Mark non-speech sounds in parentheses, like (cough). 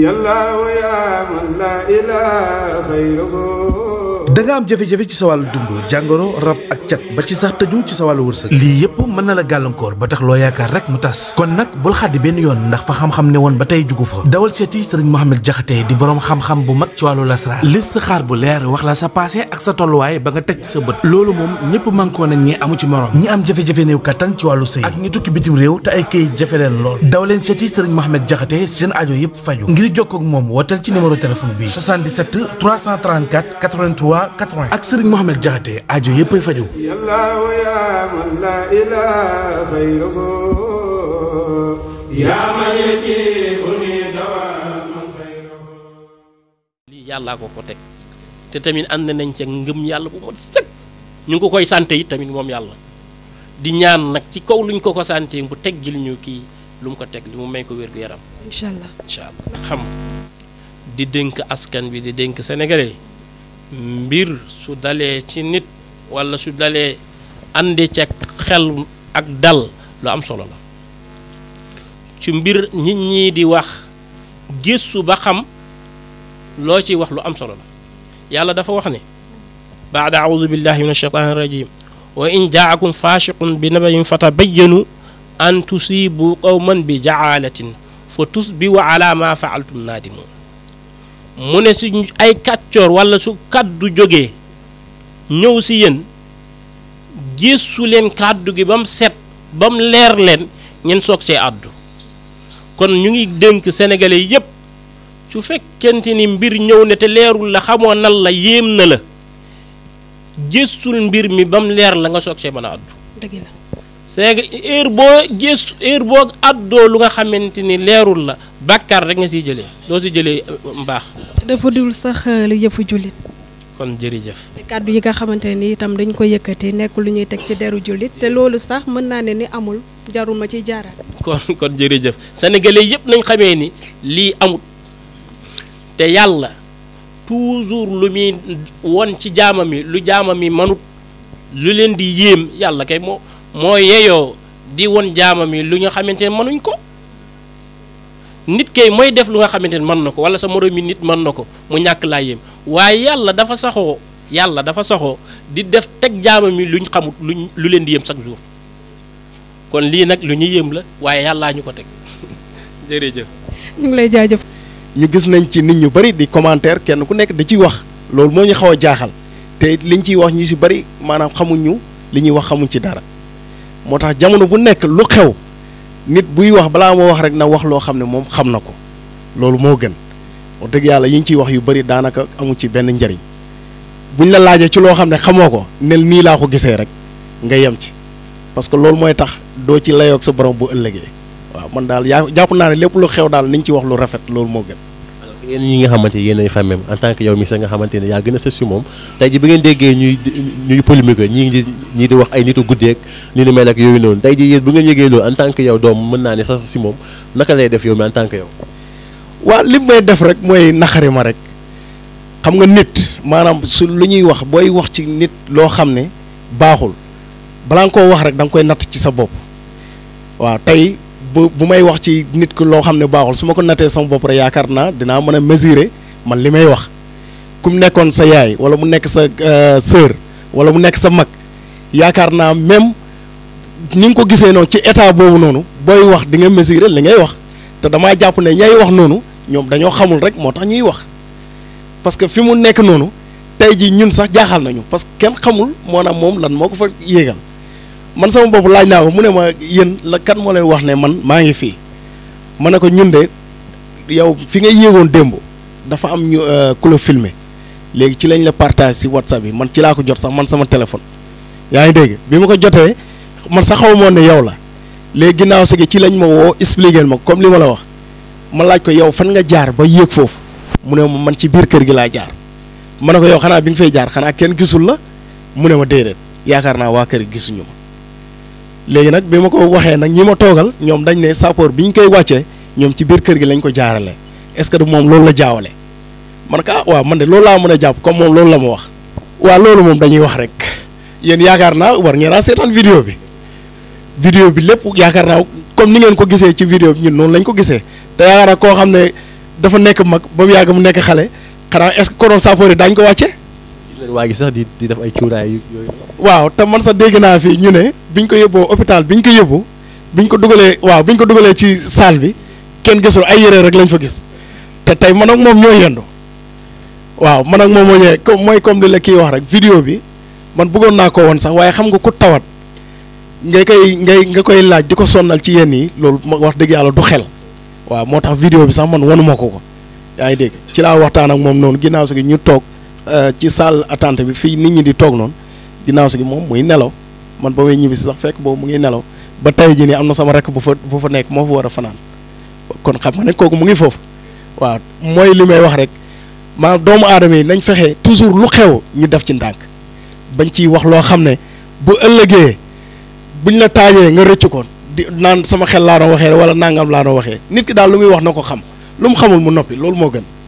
يا الله يا من لا إله غيره da nga am jafe-jafe ci sa wàllu dund jàngoro rab ak cat ba ci sax tëju ci sa wàllu wërsëg lii yëpp mën na la gàllankoor ba tax loo yaakaar rek mu tas kon nag bul xaddi benn yoon ndax fa xam-xam ne woon ba tey jugu fa dawal seeti sëriñ Mohamed Jaxate di boroom xam-xam bu mag ci wàllu lasraar listixaar bu leer wax la sa passé ak sa tolluwaay ba nga teg sa bët loolu moom ñëpp mànkoo nañ ñi amu ci morom ñi am jafe-jafe néew kattan ci wàllu sëy ak ñi tukki bitim réew te ay këyit jafe leen lool daw leen seeti sëriñ Mohamed Jaxate seen aajo yëpp faju ngir jokkoo moom wooteel ci numéro téléphone bi 77 334 83 80. ak Serigne Mohamed Diakhaté aajo yëpp ay faju lii yàllaa ko ko teg te tamit ànd nañ ci ngëm yàlla bu mot sëkk ñu ngi ko koy sante tamit moom yàlla di ñaan nag ci kaw luñ ko ko sante bu teg jël ñu kii lu mu ko teg li mu may ko wér-gu-yaram incha allah xam di dënk askan bi di dénk sénégalais mbir su dalee ci nit walla su dalee àndi ca xel ak dal lu am solo la ci mbir nit ñi di wax gëstu ba xam loo ciy wax lu am solo la yàlla dafa wax ne baada audu billahi min ashaytaani rajim wa in jaakum faasiqun bi nabayin fatabayyanu an tusibu qawman bi jaalatin fa tusbihu ala ma faaltum naadimun mu ne su ay kàccoor walla su kàddu jógee ñëw si yéen gëstu leen kàddu gi ba mu set ba mu leer leen ngeen soog see àddu kon ñu ngi dénk sénégalais yépp su fekkente ni mbir ñëw ne te leerul la xamoo nan la yéem na la gëstul mbir mi ba mu leer la nga soog see mën a àddu c'est que heure boo gëstu heure boo àddoo lu nga xamante ni leerul la bàkkaar rek nga siy jëlee doo si jëlee euh, mbaax. dafa dul sax euh, lu yëfu jullit. kon jërëjëf. kàddu yi nga xamante ni itam dañ ko yëkkati nekk lu ñuy teg ci deru jullit te loolu sax mën naa ne ni amul jarul ma ciy jaaraat. kon kon jëf sénégalais yëpp nañ xamee ni lii amut te yàlla toujours lu muy won ci jaamam yi lu jaamam yi manut lu leen di yéem yàlla kay moo. moo yeyoo di won jaamam yi lu nga xamante ne mënuñ ko nit kay mooy def lu nga xamante ne mën na ko wala sa moroom yi nit mën na ko mu ñàkk laa yem waaye yàlla dafa saxoo yàlla dafa saxoo di def teg jaamam yi luñ xamut luñ lu leen di yéem chaque jour kon lii nag lu ñu yéem la waaye yàllaa ñu ko teg (laughs) ñu ngi lay jaajëf. ñu gis nañ ci nit ñu bari di commentaire kenn ku nekk di ciy wax loolu moo ñu xaw a jaaxal te it liñ ciy wax ñu si bari maanaam xamuñu li ñuy wax xamuñ ci dara. moo tax jamono bu nekk lu xew nit buy wax balaa moo wax rek na wax loo xam ne moom xam na ko loolu moo gën wax dëgg yàlla yi ñu ciy wax yu bari daanaka amu ci benn njariñ buñ la laajee ci loo xam ne xamoo ko nel nii laa ko gisee rek nga yem ci parce que loolu mooy tax doo ci layoog sa borom bu ëllëgee waaw man daal yaa jàpp naa ne lépp lu xew daal niñ ci wax lu rafet loolu moo gën yéen ñi nga xamante yéenay famem en tant que yow mi sax nga xamante ne yaa gën a sës si moom tey ji bi ngeen déggee ñuy ñuy polémique ñii di wax ay nitu guddeeg ni ni mel ak yooyu noonu tey ji yéen bu loolu en tant que yow doom mën naa ne sax si moom naka lay def yow mi en tant que waa waaw li may def rek mooy naqari ma rek xam nga nit maanaam su lu ñuy wax booy wax ci nit loo xam ne baaxul balaa nga koo wax rek da nga koy natt ci sa bopp waaw tey bu bu may wax ci nit ku loo xam ne baaxul su ma ko nattee sama bopp rek yaakaar naa dinaa mën a mesurer man li may wax ku mu nekkoon sa yaay wala mu nekk sa euh, sœur wala mu nekk sa mag yaakaar naa même ni nga ko gisee noonu ci état boobu noonu booy wax di nga mesurer li ngay wax te damaa jàpp ne ñay wax noonu ñoom dañoo xamul rek moo tax ñuy wax parce que fi mu nekk noonu tey ji ñun sax jaaxal nañu parce que kenn xamul moo moom lan moo ko fa yéegal man sama bopp laaj naa ko mu ne ma yéen la kan moo lay wax ne man maa ngi fii ma ne ko ñun de yow fi ngay yéegoon démb dafa am ñu euh, ku la léegi ci lañ la partage si whatsapp bi man ci laa ko jot sax man sama téléphone yaa ngi dégg bi ma ko jotee man sax xaw moo ne yow la léegi ginnaaw si ci lañ ma woo expliquer ma comme li ma la wax ma laaj ko yow fan nga jaar ba yéeg foofu mu ne ma man ci biir kër gi laa jaar man ne ko yow xanaa bi nga fay jaar xanaa kenn gisul la mu ne ma déedéet yaakaar naa waa kër gisuñu léegi nag bi ma ko waxee nag ñi ma toogal ñoom dañ ne sapeur bi ñu koy wàcce ñoom ci biir kër gi lañ ko jaarale est-ce que du moom loolu la jaawale man ko ah waaw man de loolu laa mën a jàpp comme moom loolu la ma wax waaw loolu moom dañuy wax rek yéen yaakaar naa war ngeen a seetaan vidéo bi vidéo bi lépp yaakaar naa comme ni ngeen ko gisee ci vidéo bi ñun noonu lañ ko gisee te yaakaar naa koo xam ne dafa nekk mag ba mu yàgg mu nekk xale xanaa est-ce que konoon yi daañu ko wàcce. waa gi sax di def ay cuuraay yooyu. waaw te dégg naa ñu ne. biñ ko yóbboo bi ñu ko yóbbu biñ ko dugalee waaw bi biñ ko dugalee ci salle bi kenn gisul ay yéree rek lañ fa gis te tey man ak moom ñoo yendu waaw man ak moom moo ñëwee comme la kii wax rek vidéo bi man bëggoon naa ko woon sax waaye xam nga ku tawat nga koy ngay nga koy laaj di ko sonnal ci yenn yi loolu wax dëgg yàlla du xel waaw moo tax vidéo bi sax man wanuma ko ko yaa ngi dégg ci laa waxtaan ak moom noonu ginnaaw si gi ñu toog euh, ci salle attente bi fii nit ñi di toog noonu ginnaaw si gi moom muy nelaw man ba may ñibbi si sax fekk boobu mu ngi nelaw ba tey jii nii am na sama rakk bu fa bu fa nekk moo fa war a fanaan kon xam nga ne kooku mu ngi foofu waaw mooy li may wax rek ma doomu aadama yi nañ fexe toujours lu xew ñu def ci ndànk bañ ciy wax loo xam ne bu ëllëgee buñ la taajee nga rëcc koon di naan sama xel laa doon waxee wala nangam laa doon waxee nit ki daal lu muy wax na ko xam lu mu xamul mu noppi loolu moo gën.